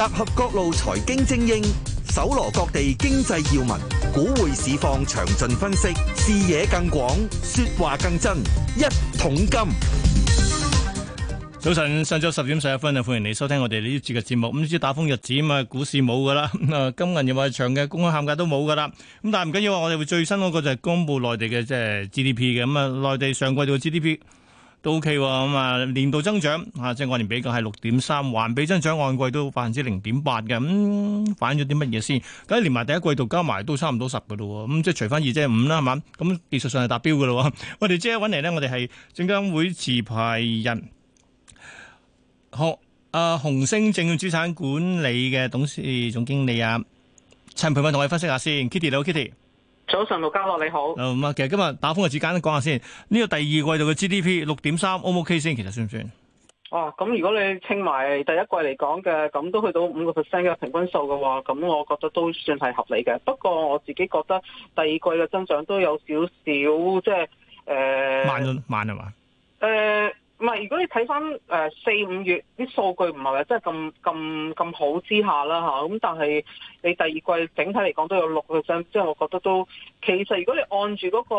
集合各路財經精英，搜羅各地經濟要聞，股匯市況詳盡分析，視野更廣，說話更真。一桶金。早晨，上晝十點十一分啊！歡迎你收聽我哋呢節嘅節目。咁呢啲打風日子啊，股市冇噶啦。啊，金銀又話長嘅公開喊價都冇噶啦。咁但係唔緊要啊，我哋會最新嗰個就係公布內地嘅即係 G D P 嘅。咁啊，內地上季度嘅 G D P。都 OK 喎、啊，咁啊年度增長啊即係按年比較係六點三，環比增長按季都百分之零點八嘅，咁、嗯、反映咗啲乜嘢先？咁連埋第一季度加埋都差唔多十嘅咯喎，咁、嗯、即係除翻二即係五啦，係嘛？咁技術上係達標嘅咯喎。我哋即刻揾嚟呢。我哋係證監會持牌人，好，啊紅星證券資產管理嘅董事總經理啊陳培文，同我哋分析下先，Kitty 你好 Kitty。早晨，盧家樂你好。唔啊、嗯，其實今日打風嘅時間咧，講下先。呢個第二季度嘅 GDP 六點三，O 唔 OK 先？其實算唔算？哦，咁如果你清埋第一季嚟講嘅，咁都去到五個 percent 嘅平均數嘅話，咁我覺得都算係合理嘅。不過我自己覺得第二季嘅增長都有少少，即係誒，慢咗，慢係嘛？誒、呃。唔係，如果你睇翻誒四五月啲數據唔係話真係咁咁咁好之下啦，咁、啊、但係你第二季整體嚟講都有六個億，即係我覺得都，其實如果你按住嗰個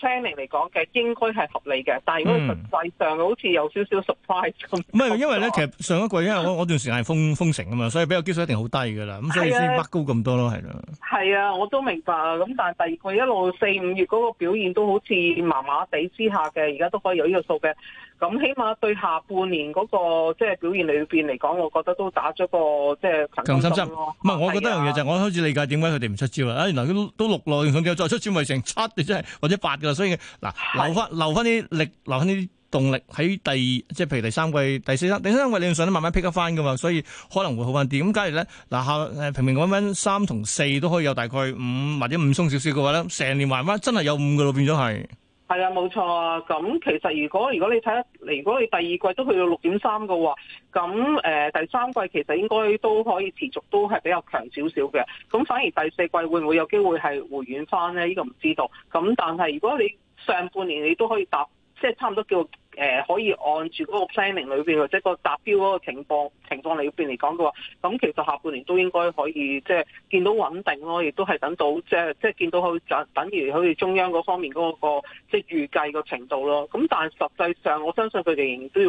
planning 嚟講嘅，應該係合理嘅。但係如果你實際上好似有少少 surprise 咁、嗯，唔係樣因為咧，其實上一季因為 我，我段時間係封封城啊嘛，所以比較基數一定好低㗎啦，咁所以先北高咁多咯，係啦係啊，我都明白啊。咁但係第二季一路四五月嗰個表現都好似麻麻地之下嘅，而家都可以有呢個數嘅咁。嗯起碼對下半年嗰個即係表現裏邊嚟講，我覺得都打咗個即係強心針。唔係，我覺得一樣嘢就係、是、我開始理解點解佢哋唔出招啊！原來都都六咯，佢再出招咪成七，即係或者八噶啦。所以嗱，留翻留翻啲力，留翻啲動力喺第二，即係譬如第三季、第四、第三季，你上想慢慢 pick 翻嘅嘛？所以可能會好翻啲。咁假如咧嗱，平平穩穩三同四都可以有大概五或者五鬆少少嘅話咧，年還成年埋翻真係有五嘅路變咗係。係啊，冇錯啊。咁其實如果如果你睇下，如果你第二季都去到六點三嘅話，咁誒第三季其實應該都可以持續，都係比較強少少嘅。咁反而第四季會唔會有機會係回軟翻呢？呢個唔知道。咁但係如果你上半年你都可以答，即係差唔多叫誒、呃、可以按住嗰個 planning 裏邊，或者個達標嗰個情況情況裏邊嚟講嘅話，咁其實下半年都應該可以即係見到穩定咯，亦都係等到即係即係見到佢就等於好似中央嗰方面嗰、嗰個、嗰個、即係預計個程度咯。咁但係實際上，我相信佢哋仍然都要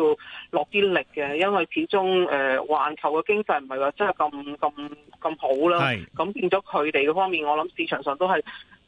落啲力嘅，因為始終誒、呃、環球嘅經濟唔係話真係咁咁咁好啦。咁是變咗佢哋嘅方面，我諗市場上都係。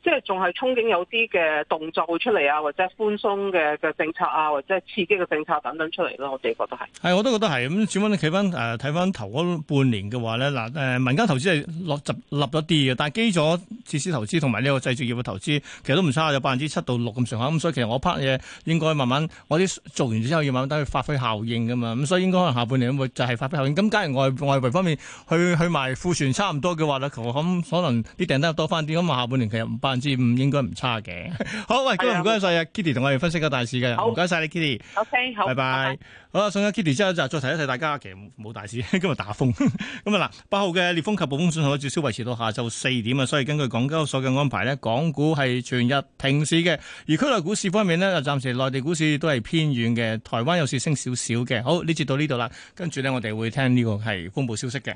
即係仲係憧憬有啲嘅動作會出嚟啊，或者寬鬆嘅嘅政策啊，或者刺激嘅政策等等出嚟咯，我自己覺得係係我都覺得係咁。轉翻睇翻誒睇翻頭半年嘅話咧，嗱誒民間投資係落集落咗啲嘅，但係基礎設施投資同埋呢個製造業嘅投資其實都唔差，有百分之七到六咁上下咁，所以其實我批嘢應該慢慢我啲做完之後要慢慢等去發揮效應㗎嘛，咁所以應該可能下半年會就係發揮效應，咁假如外外圍方面去去埋庫存差唔多嘅話咧，咁可能啲訂單又多翻啲，咁啊下半年其實唔百 分之五應該唔差嘅。好，唔該晒啊，Kitty 同我哋分析個大市嘅。好，唔該晒你，Kitty。O K，好，拜拜。好啊，送咗 Kitty 之後就再提一提大家。其實冇大市，今日打風。咁啊嗱，八號嘅烈風及暴風信號至少維持到下晝四點啊。所以根據港交所嘅安排呢，港股係全日停市嘅。而區內股市方面呢，暫時內地股市都係偏軟嘅，台灣有時升少少嘅。好，呢節到呢度啦，跟住呢，我哋會聽呢個係風暴消息嘅。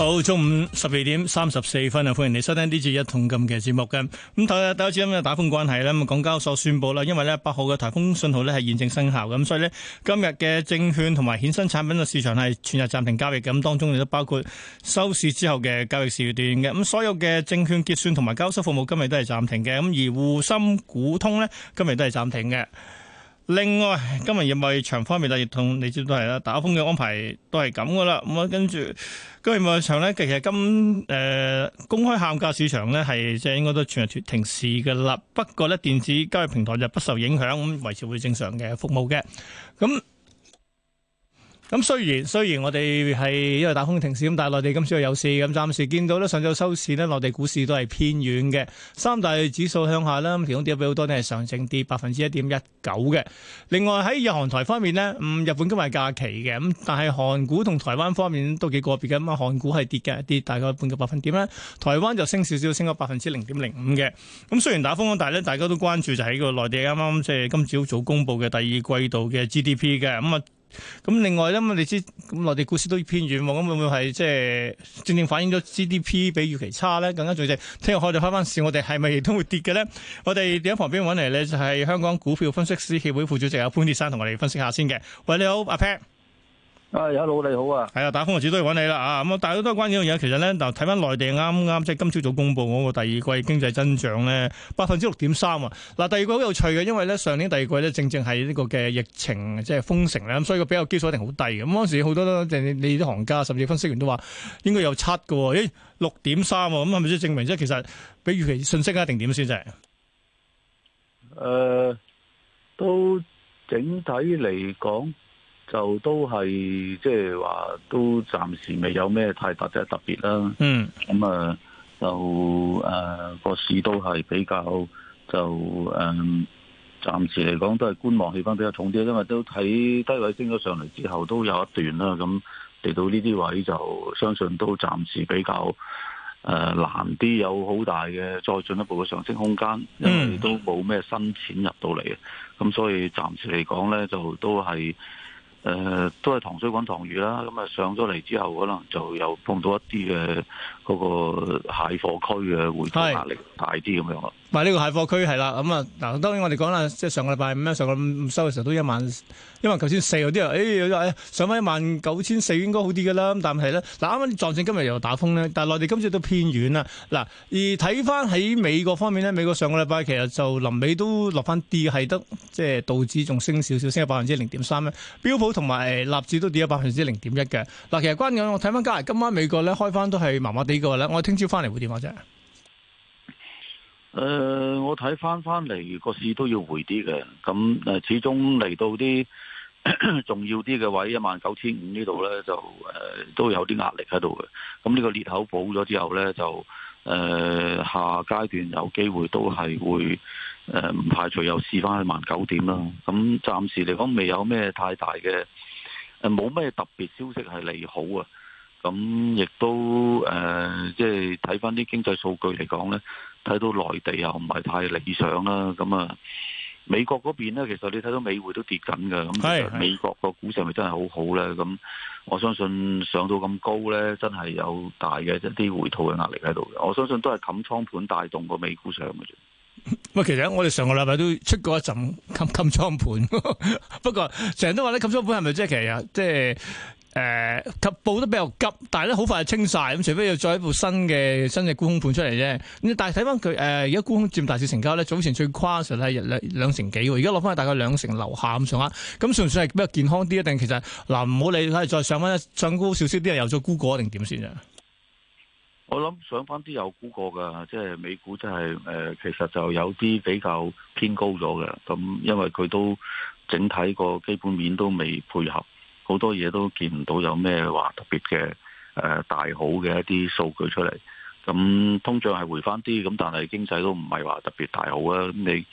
好，Hello, 中午十二點三十四分啊，歡迎你收聽呢節一桶金嘅節目嘅。咁頭一頭打風關係啦，咁港交所宣布啦，因為呢八號嘅颱風信號呢係現正生效，咁所以呢，今日嘅證券同埋衍生產品嘅市場係全日暫停交易，咁當中亦都包括收市之後嘅交易時段嘅。咁所有嘅證券結算同埋交收服務今日都係暫停嘅。咁而滬深股通呢，今日都係暫停嘅。另外，今日貿易場方面，亦同你知道都係啦，打風嘅安排都係咁噶啦。咁啊，跟住今日貿易場咧，其實今誒、呃、公開喊價市場咧係即係應該都全日停市嘅啦。不過咧，電子交易平台就不受影響，咁維持會正常嘅服務嘅。咁、嗯咁雖然雖然我哋係因為打風停市咁，但係內地今朝又有市。咁，暫時見到咧，上晝收市呢，內地股市都係偏軟嘅，三大指數向下啦，其中點比俾好多呢係上證跌百分之一點一九嘅。另外喺日韓台方面呢，嗯，日本今日假期嘅咁，但係韓股同台灣方面都幾個別嘅咁啊，韓股係跌嘅，跌大概半個百分點啦。台灣就升少少，升咗百分之零點零五嘅。咁雖然打風，但係呢，大家都關注就喺個內地啱啱即係今朝早公布嘅第二季度嘅 GDP 嘅咁啊。咁另外，因為你知咁內地股市都偏軟咁，會唔會係即係正正反映咗 GDP 比預期差咧？更加重要，聽日我哋開翻市，我哋係咪亦都會跌嘅咧？我哋喺旁邊揾嚟咧，就係、是、香港股票分析師協會副主席阿潘鐵山同我哋分析下先嘅。喂，你好，阿 Pat。啊！老你好啊，係啊！打風，我始終都係揾你啦啊！咁啊，但係好多關呢樣嘢，其實咧嗱，睇翻內地啱啱即係今朝早公布嗰個第二季經濟增長咧，百分之六點三啊！嗱，第二季好有趣嘅，因為咧上年第二季咧正正係呢個嘅疫情即係、就是、封城咧，咁所以個比較基數一定好低，咁當時好多你啲行家甚至分析員都話應該有七個，咦六點三啊？咁係咪即係證明即係其實比預期信息一定點先啫？誒、呃，都整體嚟講。就都係即係話，都暫時未有咩太大嘅特別啦。嗯、mm.，咁啊就誒個、呃、市都係比較就誒，暫、呃、時嚟講都係觀望氣氛比較重啲，因為都睇低位升咗上嚟之後都有一段啦。咁嚟到呢啲位就相信都暫時比較誒、呃、難啲，有好大嘅再進一步嘅上升空間，因為都冇咩新錢入到嚟。咁所以暫時嚟講呢，就都係。誒、呃、都係糖水滾糖魚啦，咁啊上咗嚟之後，可能就又碰到一啲嘅嗰個蟹貨區嘅回吐壓力大啲咁樣咯。唔呢、啊呢個蟹貨區係啦，咁啊嗱，當然我哋講啦，即係上個禮拜五、上個五收嘅時候都一萬，因為頭先四嗰啲啊，上翻一萬九千四應該好啲㗎啦。咁但係咧，嗱啱啱撞正今日又打風咧，但係內地今次都偏遠啦。嗱，而睇翻喺美國方面咧，美國上個禮拜其實就臨尾都落翻啲，係得即係道指仲升少少，升百分之零點三咧，標普。同埋納指都跌咗百分之零點一嘅。嗱，其實關緊我睇翻加今晚美國咧開翻都係麻麻地嘅咧，我聽朝翻嚟會點啊？啫，誒，我睇翻翻嚟個市都要回啲嘅，咁誒，始終嚟到啲重要啲嘅位一萬九千五呢度咧，就誒、呃、都有啲壓力喺度嘅。咁呢個裂口補咗之後咧，就誒、呃、下階段有機會都係會。誒，呃、唔排除又試翻去萬九點啦，咁暫時嚟講未有咩太大嘅，誒，冇咩特別消息係利好啊，咁亦都誒，即係睇翻啲經濟數據嚟講咧，睇到內地又唔係太理想啦，咁啊，美國嗰邊咧，其實你睇到美匯都跌緊嘅，咁美國個股市係咪真係好好咧？咁我相信上到咁高咧，真係有大嘅一啲回吐嘅壓力喺度，我相信都係冚倉盤帶動個美股上嘅啫。喂，其實我哋上個禮拜都出過一陣冚冚倉盤， 不過成日都話咧，冚倉盤係咪即係其實即係誒及步都比較急，但係咧，好快就清晒。咁除非要再一部新嘅新嘅沽空盤出嚟啫。咁但係睇翻佢誒而家沽空佔大市成交咧，早前最誇實係兩成幾喎，而家落翻係大概兩成樓下咁上下，咁算唔算係比較健康啲？一定其實嗱，唔好理，睇再上翻上高少少啲，又再沽過定點算啊？我諗上翻啲有估過㗎，即係美股真係誒，其實就有啲比較偏高咗嘅。咁因為佢都整體個基本面都未配合，好多嘢都見唔到有咩話特別嘅誒大好嘅一啲數據出嚟。咁通脹係回翻啲，咁但係經濟都唔係話特別大好啊。咁你。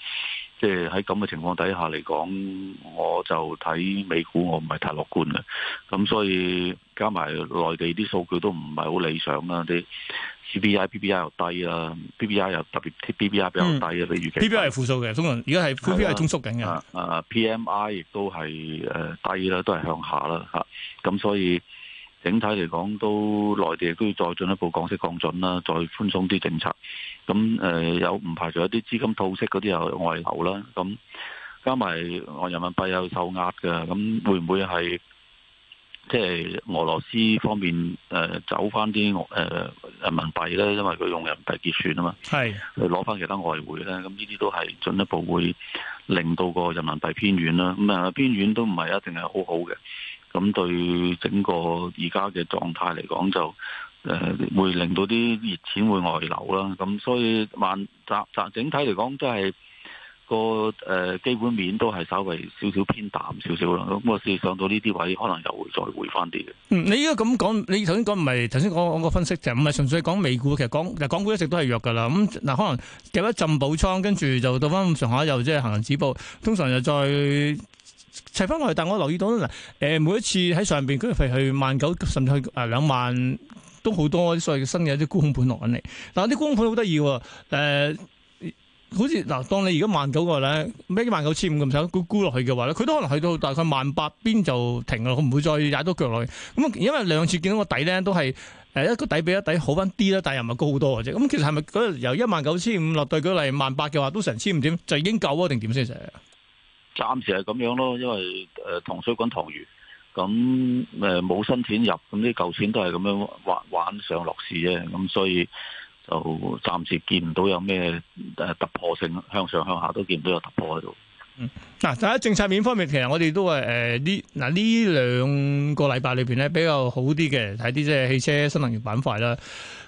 即係喺咁嘅情況底下嚟講，我就睇美股，我唔係太樂觀嘅。咁所以加埋內地啲數據都唔係好理想啦，啲 CPI, PPI 又低啦、啊、，PPI 又特別 PPI 比較低啊，嗯、比如其。PPI 係負數嘅，總共而家係 PPI 係仲縮緊嘅。啊，PMI 亦都係低啦，都係向下啦嚇。咁、uh, 所以。整體嚟講，都內地亦都要再進一步降息降準啦，再寬鬆啲政策。咁誒有唔排除一啲資金套息嗰啲又外流啦。咁加埋外人民幣有受壓嘅，咁會唔會係即係俄羅斯方面誒、呃、走翻啲誒人民幣咧？因為佢用人民幣結算啊嘛。係攞翻其他外匯咧。咁呢啲都係進一步會令到個人民幣偏軟啦。咁啊偏軟都唔係一定係好好嘅。咁對整個而家嘅狀態嚟講，就、呃、誒會令到啲熱錢會外流啦。咁所以萬集集整體嚟講、就是，都係個誒、呃、基本面都係稍微少少偏淡少少啦。咁我試上到呢啲位，可能又會再回翻啲嘅。你應該咁講，你頭先講唔係頭先講講個分析，就唔係純粹講美股，其實講其實港，港股一直都係弱㗎啦。咁嗱，可能掉一陣補倉，跟住就到翻咁上下又即係行人止步，通常又再。砌翻落去，但我留意到咧，嗱，誒，每一次喺上邊佢係去萬九，甚至去誒兩萬都好多，所謂嘅新嘅一啲沽空盤落緊嚟。但係啲沽空盤好得意嘅，誒、呃，好似嗱，當你而家萬九個咧，咩萬九千五咁上沽沽落去嘅話咧，佢都可能去到大，大概萬八邊就停喇。佢唔會再踩到腳落去。咁因為兩次見到個底咧，都係誒一個底比一個底好翻啲啦，但係又唔係高好多嘅啫。咁、啊、其實係咪由一萬九千五落對佢嚟萬八嘅話，都成千五點就已經夠啊？定點先？暫時係咁樣咯，因為誒糖水滾糖漬，咁誒冇新錢入，咁啲舊錢都係咁樣玩玩上落市啫，咁所以就暫時見唔到有咩誒突破性向上向下都見唔到有突破喺度。嗯，嗱，但係政策面方面其實我哋都係誒呢嗱呢兩個禮拜裏邊咧比較好啲嘅，睇啲即係汽車新能源板塊啦，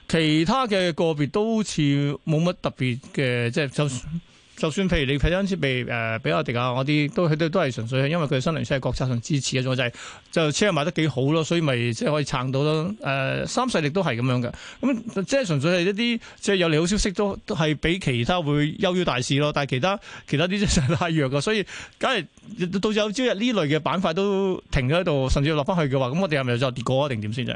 其他嘅個別都似冇乜特別嘅，即係就，是就。嗯就算譬如你睇翻啲被誒，比亞迪啊，嗰啲都佢都都係純粹係因為佢新能源車係國策上支持嘅，仲就係、是、就車賣得幾好咯，所以咪即係可以撐到咯。誒、呃，三勢力都係咁樣嘅，咁、嗯、即係純粹係一啲即係有利好消息都係比其他會優於大市咯。但係其他其他啲即係太弱嘅，所以梗係到咗有朝日呢類嘅板塊都停咗喺度，甚至落翻去嘅話，咁我哋係咪又再跌過啊？定點先啫？誒、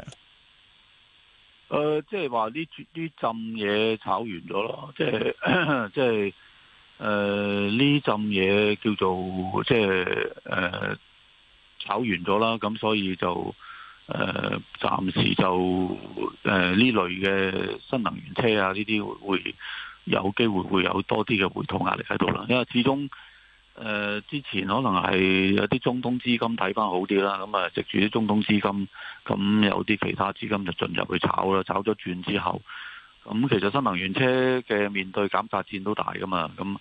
呃，即係話啲啲浸嘢炒完咗咯，即係即係。誒，呢陣嘢，叫做即係誒炒完咗啦，咁所以就誒暫、呃、時就誒呢、呃、類嘅新能源車啊呢啲會會有機會會有多啲嘅回吐壓力喺度啦，因為始終誒、呃、之前可能係有啲中東資金睇返好啲啦，咁啊藉住啲中東資金，咁有啲其他資金就進入去炒啦，炒咗轉之後。咁其實新能源車嘅面對減價戰都大㗎嘛，咁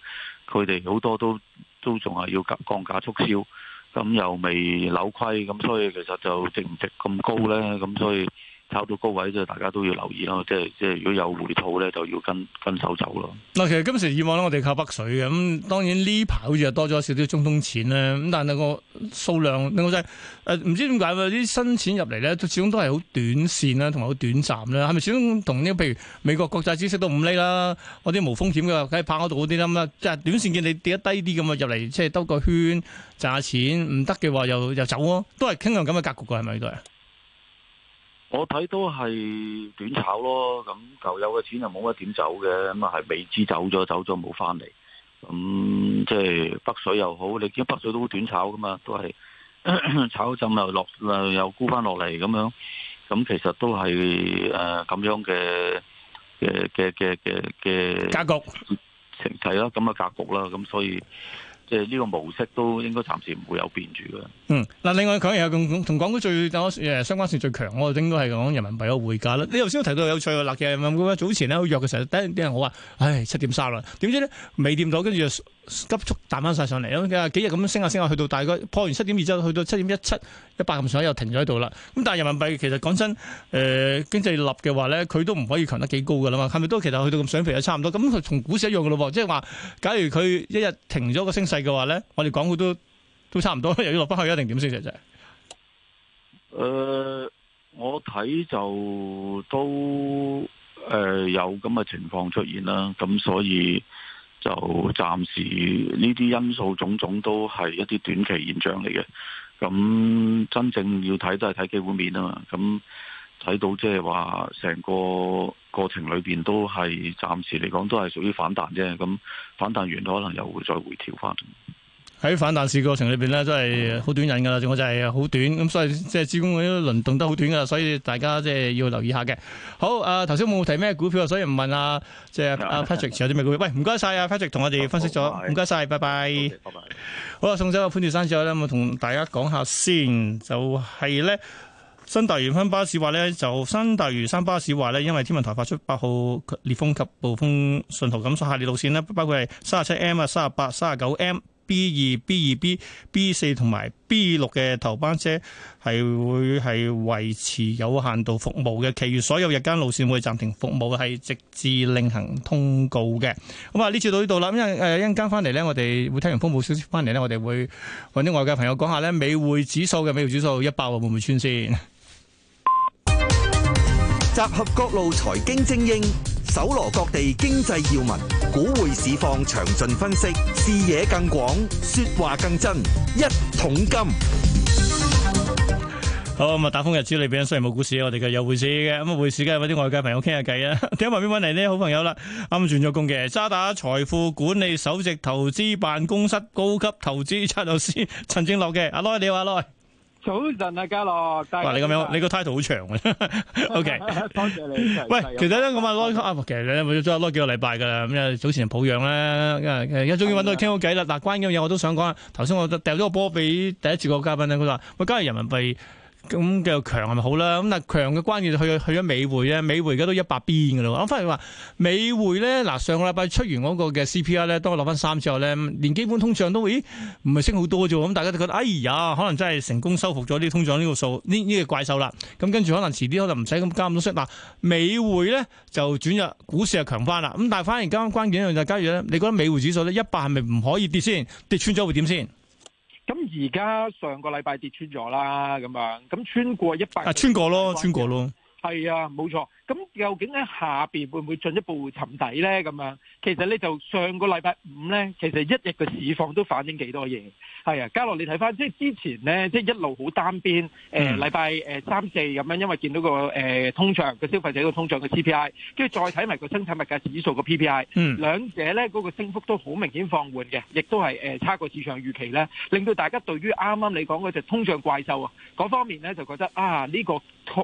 佢哋好多都都仲係要降降價促銷，咁又未扭虧，咁所以其實就值唔值咁高呢？咁所以。炒到高位即係，大家都要留意咯。即係即係，如果有回吐咧，就要跟跟手走咯。嗱，其實今時以往咧，我哋靠北水嘅咁，當然呢排好似又多咗少少中東錢咧。咁但係個數量，令靚女，誒、呃，唔知點解啲新錢入嚟咧，始終都係好短線啦，同埋好短暫啦。係咪始終同呢？譬如美國國債知識都唔叻啦，無的我啲冇風險嘅喺拍嗰度嗰啲啦，咁即係短線見你跌得低啲咁啊，入嚟即係兜個圈賺下錢，唔得嘅話又又走咯，都係傾向咁嘅格局噶，係咪都係我睇都係短炒咯，咁舊有嘅錢又冇乜點走嘅，咁啊係未知走咗，走咗冇翻嚟，咁即係北水又好，你見北水都好短炒噶嘛，都係炒浸又落又又沽翻落嚟咁樣，咁其實都係誒咁樣嘅嘅嘅嘅嘅格局情勢咯，咁嘅格局啦，咁所以。即係呢個模式都應該暫時唔會有變住嘅。嗯，嗱，另外強嘅同同港股最誒相關性最強，我哋應該係講人民幣嘅匯價啦。你頭先都提到有趣嘅，嗱，其實早前咧好弱嘅時候，第一啲人我話，唉，七點三啦，點知咧未掂到，跟住。急速彈翻晒上嚟，咁幾日咁樣升下升下，去到大概破完七點二之後，去到七點一七一百咁上下又停咗喺度啦。咁但係人民幣其實講真的，誒、呃、經濟立嘅話咧，佢都唔可以強得幾高噶啦嘛。係咪都其實去到咁上肥啊？差唔多。咁佢同股市一樣噶咯，即係話，假如佢一日停咗個升勢嘅話咧，我哋港股都都差唔多，又要落翻去，一定點升。其實誒，我睇就都誒、呃、有咁嘅情況出現啦，咁所以。就暫時呢啲因素種種都係一啲短期現象嚟嘅，咁真正要睇都係睇基本面啊嘛，咁睇到即係話成個過程裏邊都係暫時嚟講都係屬於反彈啫，咁反彈完可能又會再回調翻。喺反彈市過程裏邊咧，真係好短癮噶啦。我就係好短咁，所以即係資金嗰啲輪動得好短噶，所以大家即係要留意一下嘅。好，頭先冇提咩股票，所以唔問啊。即係阿 Patrick 有啲咩股票？喂，唔該晒啊！Patrick 同我哋分析咗，唔該晒，拜拜。好啊，送走潘住山之後咧，我同大家講下先，就係、是、咧新，新大嶼山巴士話咧，就新大嶼山巴士話咧，因為天文台發出八號烈風及暴風信號咁，所以下列路線咧，包括係三十七 M 啊、三十八、三十九 M。B 二、B 二、B、B 四同埋 B 六嘅頭班車係會係維持有限度服務嘅，其餘所有日間路線會暫停服務，係直至另行通告嘅。咁啊，呢次到呢度啦，因為誒一陣間翻嚟咧，我哋會聽完風暴消息翻嚟咧，我哋會搵啲外界朋友講下咧，美匯指數嘅美匯指數一百會唔會穿先？集合各路財經精英。搜羅各地經濟要聞，股匯市況詳盡分析，視野更廣，說話更真。一桶金，好咁啊！打風日子裏邊，雖然冇股市，我哋嘅有匯市嘅，咁啊匯市梗係揾啲外界朋友傾下偈啦。喺旁邊揾嚟啲好朋友啦，啱啱轉咗工嘅，渣打財富管理首席投資辦公室高級投資策略師陳正樂嘅，阿、啊、來你好，阿、啊、來。啊早晨啊，家樂，你咁樣你個 title 好長嘅，OK，多謝你。 喂，其實咧我話攞啊，其實你都幾個禮拜噶啦。咁樣早前抱恙咧，而家終於揾到佢傾好偈啦。嗱的，關於咁樣嘢我都想講。頭先我掉咗個波俾第一節個嘉賓咧，佢話喂，假如人民幣。咁叫強係咪好啦？咁但係強嘅關鍵，去去咗美匯啊！美匯而家都一百邊㗎啦。咁諗翻嚟話美匯咧，嗱，上個禮拜出完嗰個嘅 CPI 咧，當我攞翻三之後咧，連基本通脹都會唔係升好多啫？咁大家就覺得哎呀，可能真係成功收復咗啲通脹呢個數，呢、隻、呢個怪獸啦。咁跟住可能遲啲可能唔使咁加咁多息。但美匯咧就轉入股市又強翻啦。咁但係反而啱啱關鍵就係假如你覺得美匯指數咧一百係咪唔可以跌先？跌穿咗會點先？咁而家上個禮拜跌穿咗啦，咁樣咁穿過一百，穿過咯，穿過咯，係啊，冇錯。咁究竟喺下邊會唔會進一步沉底咧？咁樣其實咧就上個禮拜五咧，其實一日嘅市況都反映幾多嘢。係啊，嘉樂你睇翻，即係之前呢，即係一路好單邊。誒、呃，禮拜三四咁樣，因為見到個誒、呃、通脹，個消費者個通脹個 CPI，跟住再睇埋個生產物價指數個 PPI，兩者呢嗰、那個升幅都好明顯放緩嘅，亦都係、呃、差過市場預期呢。令到大家對於啱啱你講嗰隻通脹怪獸啊嗰方面呢，就覺得啊呢、這個。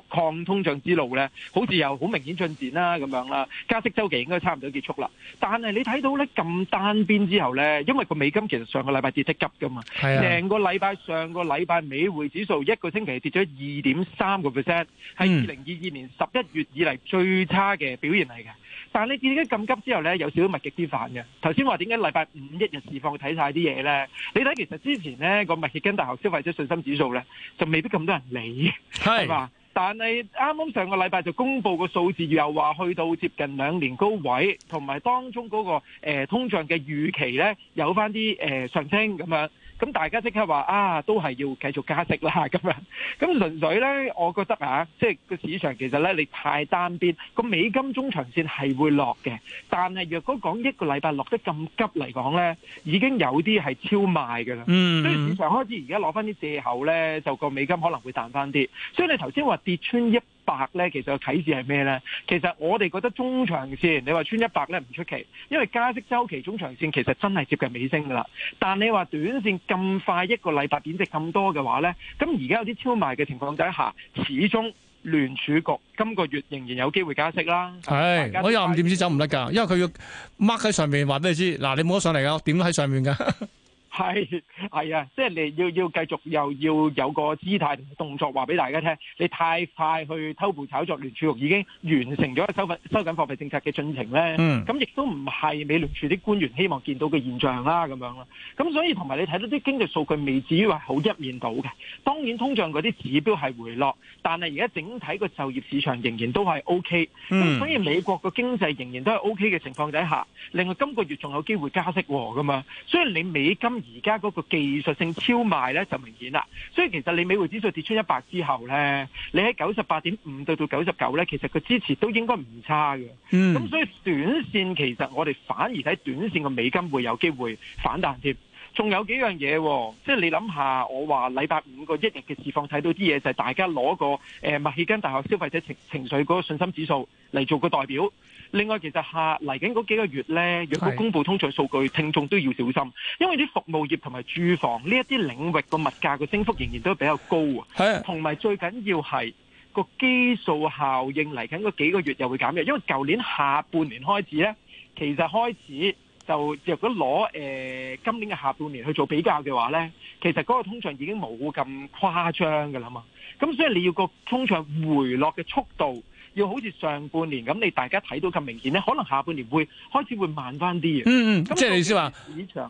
抗通脹之路咧，好似又好明顯進展啦、啊、咁樣啦。加息周期應該差唔多結束啦。但係你睇到咧咁單邊之後咧，因為個美金其實上個禮拜跌得急噶嘛，成、啊、個禮拜上個禮拜美匯指數一個星期跌咗二點三個 percent，係二零二二年十一月以嚟最差嘅表現嚟嘅。但係你跌得咁急之後咧，有少少物極必反嘅。頭先話點解禮拜五一日釋放睇晒啲嘢咧？你睇其實之前咧個密歇根大學消費者信心指數咧，就未必咁多人理係嘛。是但係啱啱上個禮拜就公布個數字，又話去到接近兩年高位，同埋當中嗰、嗰個、呃、通脹嘅預期呢，有翻啲誒上升咁樣。咁大家即刻話啊，都係要繼續加息啦咁樣。咁純粹呢，我覺得啊，即係個市場其實呢，你太單邊個美金中長線係會落嘅，但係若果講一個禮拜落得咁急嚟講呢，已經有啲係超賣㗎啦。Mm hmm. 所以市場開始而家攞翻啲借口呢，就個美金可能會彈翻啲。所以你頭先話跌穿一百咧，其實個啟示係咩咧？其實我哋覺得中長線，你話穿一百咧唔出奇，因為加息周期中長線其實真係接近尾聲噶啦。但你話短線咁快一個禮拜貶值咁多嘅話咧，咁而家有啲超賣嘅情況底下，始終聯儲局今個月仍然有機會加息啦。係是，嗯、我又暗點知走唔得噶，因為佢要掹喺上面話俾你知。嗱，你摸上嚟㗎，點都喺上面噶。 係係啊，即係你要要繼續又要有個姿態動作話俾大家聽，你太快去偷步炒作聯儲局已經完成咗收緊收緊貨幣政策嘅進程咧，咁亦、mm. 都唔係美聯儲啲官員希望見到嘅現象啦，咁樣咯。咁所以同埋你睇到啲經濟數據未至於話好一面倒嘅，當然通脹嗰啲指標係回落，但係而家整體個就業市場仍然都係 O K，咁所以美國個經濟仍然都係 O K 嘅情況底下，另外今個月仲有機會加息噶、哦、嘛，所以你美金。而家嗰個技術性超賣咧就明顯啦，所以其實你美匯指數跌穿一百之後咧，你喺九十八點五對到九十九咧，其實個支持都應該唔差嘅。咁所以短線其實我哋反而喺短線嘅美金會有機會反彈添。仲有幾樣嘢，即係你諗下，我話禮拜五個一日嘅市況睇到啲嘢，就係大家攞個誒密歇根大學消費者情情緒嗰個信心指數嚟做個代表。另外，其實下嚟緊嗰幾個月咧，如果公布通脹數據，聽眾都要小心，因為啲服務業同埋住房呢一啲領域個物價個升幅仍然都比較高啊。係。同埋最緊要係個基數效應嚟緊嗰幾個月又會減嘅，因為舊年下半年開始咧，其實開始。就如果攞誒、呃、今年嘅下半年去做比較嘅話咧，其實嗰個通脹已經冇咁誇張㗎啦嘛。咁所以你要個通脹回落嘅速度，要好似上半年咁你大家睇到咁明顯咧，可能下半年會開始會慢翻啲嘅。嗯嗯。即係你意思話，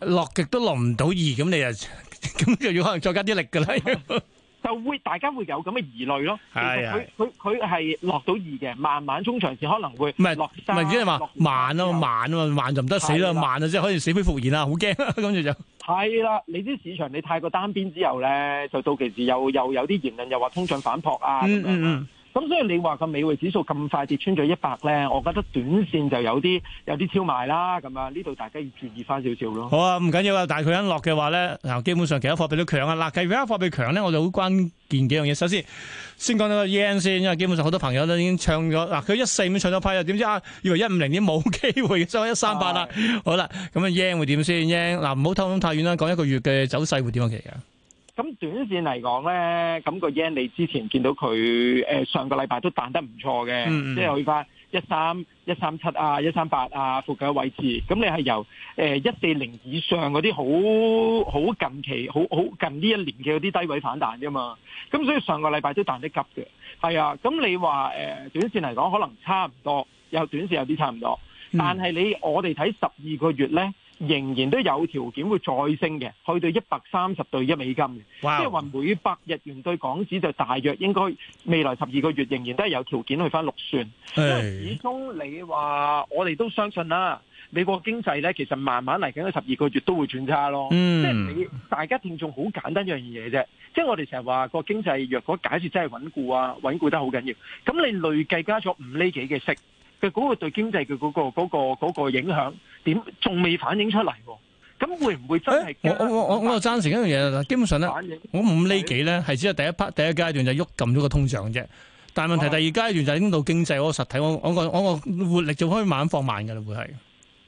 落極都落唔到二咁，你又咁就要可能再加啲力㗎啦。 就會大家會有咁嘅疑慮咯。其實佢佢佢係落到二嘅，慢慢中長線可能會唔係落慢。唔係主要慢咯，慢啊，慢就唔得死啦，對了 慢啊，即係可以死灰復燃啦，好驚。跟住就係啦，你啲市場你太過單邊之後咧，就到其時又又有啲言論又話通脹反撲啊咁、嗯、樣嗯嗯咁所以你話個美匯指數咁快跌穿咗一百咧，我覺得短線就有啲有啲超賣啦，咁啊呢度大家要注意翻少少咯。好啊，唔緊要啊，但係佢一落嘅話咧，嗱基本上其他貨幣都強啊。嗱，假如其他貨幣強咧，我哋好關鍵幾樣嘢。首先，先講到個 yen 先，因為基本上好多朋友都已經唱咗，嗱、啊、佢一四五唱咗批又點知啊？以為一五零點冇機會，收一三八啦。好啦、啊，咁啊 yen 會點先 yen 嗱唔好偷諗太遠啦，講一個月嘅走勢會點樣嚟嘅？咁短線嚟講呢，咁、個 yen 你之前見到佢、呃、上個禮拜都彈得唔錯嘅，嗯、即係去翻一三一三七啊、一三八啊附近嘅位置。咁你係由誒一四零以上嗰啲好好近期好好近呢一年嘅嗰啲低位反彈啫嘛。咁所以上個禮拜都彈得急嘅，係啊。咁你話、呃、短線嚟講可能差唔多，有短線有啲差唔多，嗯、但係你我哋睇十二個月呢。仍然都有條件會再升嘅，去到一百三十對一美金嘅，即係話每百日元對港紙就大約應該未來十二個月仍然都係有條件去返六算。因為始終你話我哋都相信啦，美國經濟呢其實慢慢嚟緊嘅十二個月都會轉差咯。即係你大家聽眾好簡單一樣嘢啫，即係我哋成日話個經濟若果解決真係穩固啊，穩固得好緊要。咁你累計加咗五釐幾嘅息。嘅嗰個對經濟嘅嗰個嗰個嗰個影響點仲未反映出嚟喎？咁會唔會真係？我我我我贊成一樣嘢啦，基本上咧，我五呢幾咧係只係第一 part 第一階段就喐撳咗個通脹啫。但係問題第二階段就影響到經濟嗰個實體，我我我我活力就可以慢慢放慢噶啦，會係。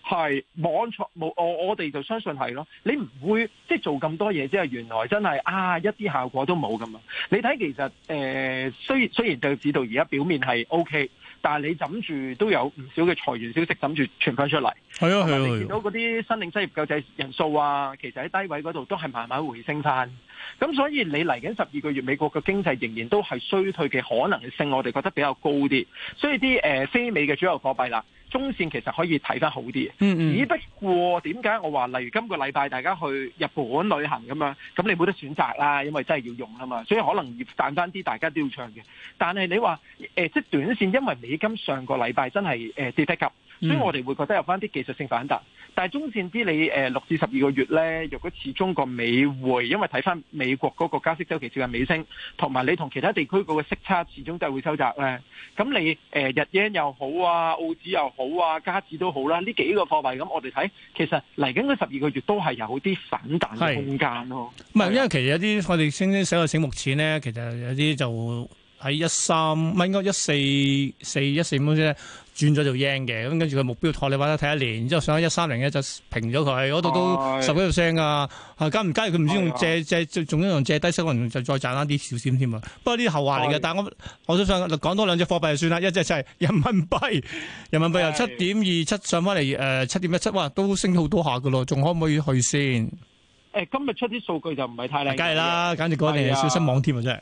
係網錯冇我我哋就相信係咯。你唔會即係做咁多嘢，即係原來真係啊一啲效果都冇噶嘛？你睇其實誒，雖雖然就只到而家表面係 OK。但係你枕住都有唔少嘅裁員消息枕住傳翻出嚟，同埋你見到嗰啲新領失業救濟人數啊，其實喺低位嗰度都係慢慢回升翻。咁所以你嚟緊十二個月，美國嘅經濟仍然都係衰退嘅可能性，我哋覺得比較高啲。所以啲誒、呃、非美嘅主流貨幣啦，中線其實可以睇返好啲。嗯嗯。只不過點解我話，例如今個禮拜大家去日本旅行咁樣，咁你冇得選擇啦，因為真係要用啊嘛。所以可能要賺翻啲，大家都要唱嘅。但係你話、呃、即係短線，因為美金上個禮拜真係跌得急。嗯、所以我哋會覺得有翻啲技術性反彈，但係中線啲你誒六至十二個月咧，若果始終個美匯，因為睇翻美國嗰個加息周期最近尾聲，同埋你同其他地區個息差始終都係會收窄咧。咁你誒日 yen 又好啊，澳紙又好啊，加紙都好啦，呢幾個貨幣咁，我哋睇其實嚟緊嗰十二個月都係有啲反彈空間咯。唔係是，的因為其實有啲我哋先先寫到醒目前咧，其實有啲就喺一三，唔係，應該一四四一四五啫。轉咗做 yen 嘅，咁跟住佢目標拖你玩得睇一年，然之後上咗一三零一就平咗佢，嗰度都十幾個 percent 㗎的、啊、加唔加？佢唔知用借的借仲一樣借低息，可能就再賺翻啲小錢添啊。不過啲後話嚟嘅，的但係我我想講多兩隻貨幣就算啦。一隻就係人民幣，人民幣由七點二七上翻嚟，誒七點一七，17，哇，都升好多下嘅咯。仲可唔可以去先？誒、欸，今日出啲數據就唔係太靚，梗係、啊、啦，簡直嗰年小心網添啊，的真係。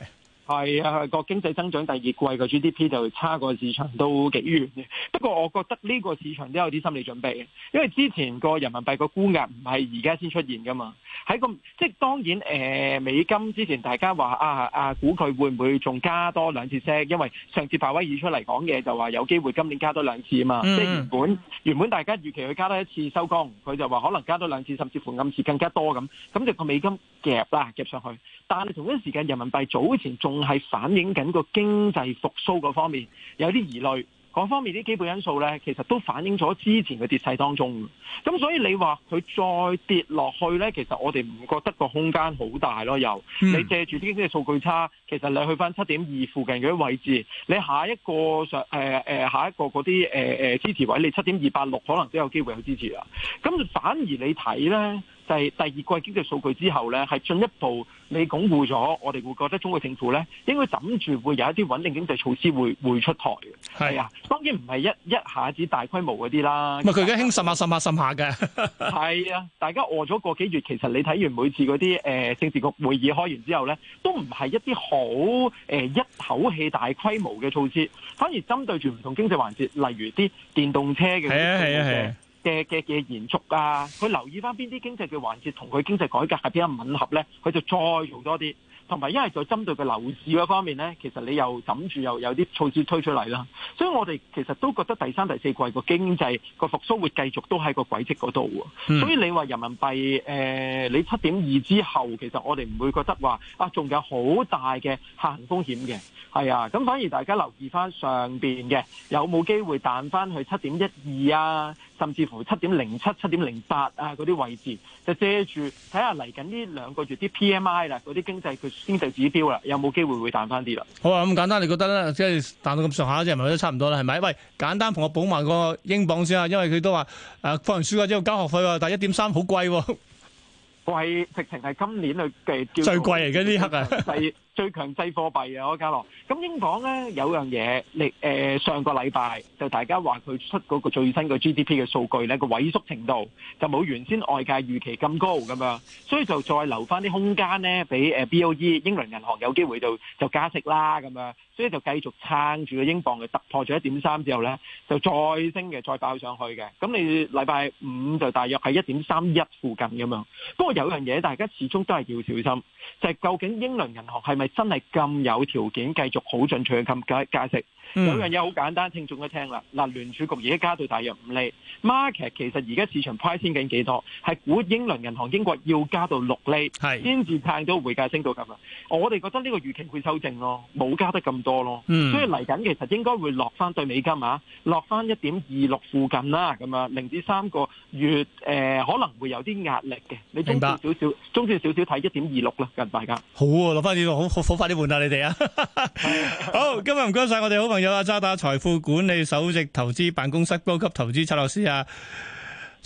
係啊，個、哎、經濟增長第二季個 GDP 就差個市場都幾遠嘅。不過我覺得呢個市場都有啲心理準備，因為之前個人民幣個沽壓唔係而家先出現噶嘛。喺個即係當然誒、呃，美金之前大家話啊啊，估佢會唔會仲加多兩次息？因為上次鮑威爾出嚟講嘢就話有機會今年多加多兩次啊嘛。Mm hmm. 即係原本原本大家預期佢加多一次收工，佢就話可能加多兩次，甚至乎暗示更加多咁。咁就個美金夾啦，夾上去。但係同一時間人民幣早前仲係反映緊個經濟復甦嗰方面有啲疑慮，嗰方面啲基本因素呢，其實都反映咗之前嘅跌勢當中。咁所以你話佢再跌落去呢，其實我哋唔覺得個空間好大咯。又你借住啲經濟數據差，其實你去返七點二附近嗰啲位置，你下一個上誒誒下一個嗰啲誒誒支持位，你七點二八六可能都有機會去支持啦。咁反而你睇呢，第第二季經濟數據之後呢，係進一步你鞏固咗，我哋會覺得中國政府呢，應該枕住會有一啲穩定經濟措施會會出台嘅。係啊，當然唔係一一下子大規模嗰啲啦。佢而家滲下滲下滲下嘅。係啊是，大家餓咗個幾月，其實你睇完每次嗰啲誒政治局會議開完之後呢，都唔係一啲好誒一口氣大規模嘅措施，反而針對住唔同經濟環節，例如啲電動車嘅。係係係係。嘅嘅嘅延續啊！佢留意翻邊啲經濟嘅環節同佢經濟改革係比較吻合咧，佢就再做多啲。同埋因為就針對個樓市嗰方面咧，其實你又諗住又有啲措施推出嚟啦。所以我哋其實都覺得第三、第四季個經濟個復甦會繼續都喺個軌跡嗰度喎。嗯、所以你話人民幣誒、呃，你七點二之後，其實我哋唔會覺得話啊，仲有好大嘅下行風險嘅，係啊。咁反而大家留意翻上邊嘅有冇機會彈翻去七點一二啊？甚至乎七點零七、七點零八啊，嗰啲位置就遮住，睇下嚟緊呢兩個月啲 P M I 啦，嗰啲經濟佢經濟指標啦，有冇機會會彈翻啲啦？好啊，咁、嗯、簡單，你覺得啦即係彈到咁上下即係唔係都差唔多啦？係咪？喂，簡單同我補埋個英鎊先啊，因為佢都話誒、呃、放完暑假之後交學費喎，但係一點三好貴喎、哦。貴直情係今年去計最貴嚟嘅呢刻啊！ 最強勢貨幣啊，我交落咁英鎊咧有樣嘢，你誒上個禮拜就大家話佢出嗰個最新個 GDP 嘅數據咧，個萎縮程度就冇原先外界預期咁高咁樣，所以就再留翻啲空間咧，俾誒 BOE 英倫銀行有機會就就加息啦，咁樣，所以就繼續撐住個英鎊就突破咗一點三之後咧，就再升嘅，再爆上去嘅，咁你禮拜五就大約喺一點三一附近咁樣。不過有樣嘢大家始終都係要小心，就係究竟英倫銀行係咪？係真係咁有條件繼續好進取咁解解釋，嗯、有樣嘢好簡單，聽眾一聽啦。嗱，聯儲局而家加到大約五厘 market 其實而家市場 price 先緊幾多？係估英倫銀行英國要加到六厘，係先至撐到匯價升到咁啊！我哋覺得呢個預期會修正咯，冇加得咁多咯。嗯、所以嚟緊其實應該會落翻對美金啊，落翻一點二六附近啦。咁啊，零至三個月誒、呃、可能會有啲壓力嘅，你中線少少，中線少少睇一點二六啦。今日大家好啊，落翻呢度好。好快啲換啦、啊，你哋啊！好，今日唔該晒我哋好朋友啊，渣打財富管理首席投資辦公室高級投資策劃師啊，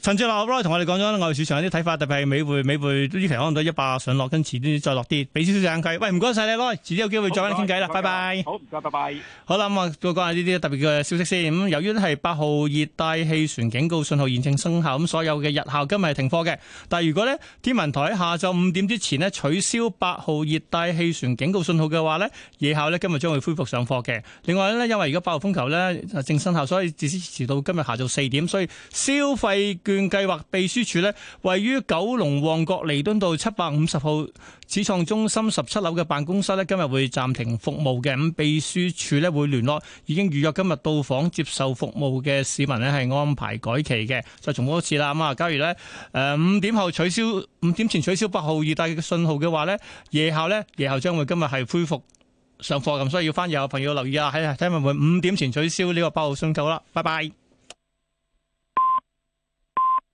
陳志樂，同我哋講咗外匯市場一啲睇法，特別係美匯，美匯呢期可能都一百上落，跟遲啲再落跌，俾少少眼計。喂，唔該晒你，咁啊遲啲有機會再你傾偈啦，拜拜。好，唔該，拜拜 bye。好啦，咁啊，bye bye 我再講下呢啲特別嘅消息先。咁由於係八號熱帶氣旋警告信號現正生效，咁所，所有嘅日校今日係停課嘅。但係如果呢天文台下晝五點之前咧取消八號熱帶氣旋警告信號嘅話呢，夜校呢，今日將會恢復上課嘅。另外呢，因為而家八號風球呢正生效，所以至少遲到今日下晝四點，所以消費券。計劃秘書處呢，位於九龍旺角彌敦道七百五十號始創中心十七樓嘅辦公室呢，今日會暫停服務嘅。咁秘書處呢會聯絡已經預約今日到訪接受服務嘅市民呢，係安排改期嘅。再重複一次啦。咁啊，假如呢，誒五點後取消，五點前取消八號熱帶嘅信號嘅話呢，夜校呢，夜校將會今日係恢復上課咁，所以要翻夜校朋友留意啊。喺聽日會五點前取消呢個八號信號啦。拜拜。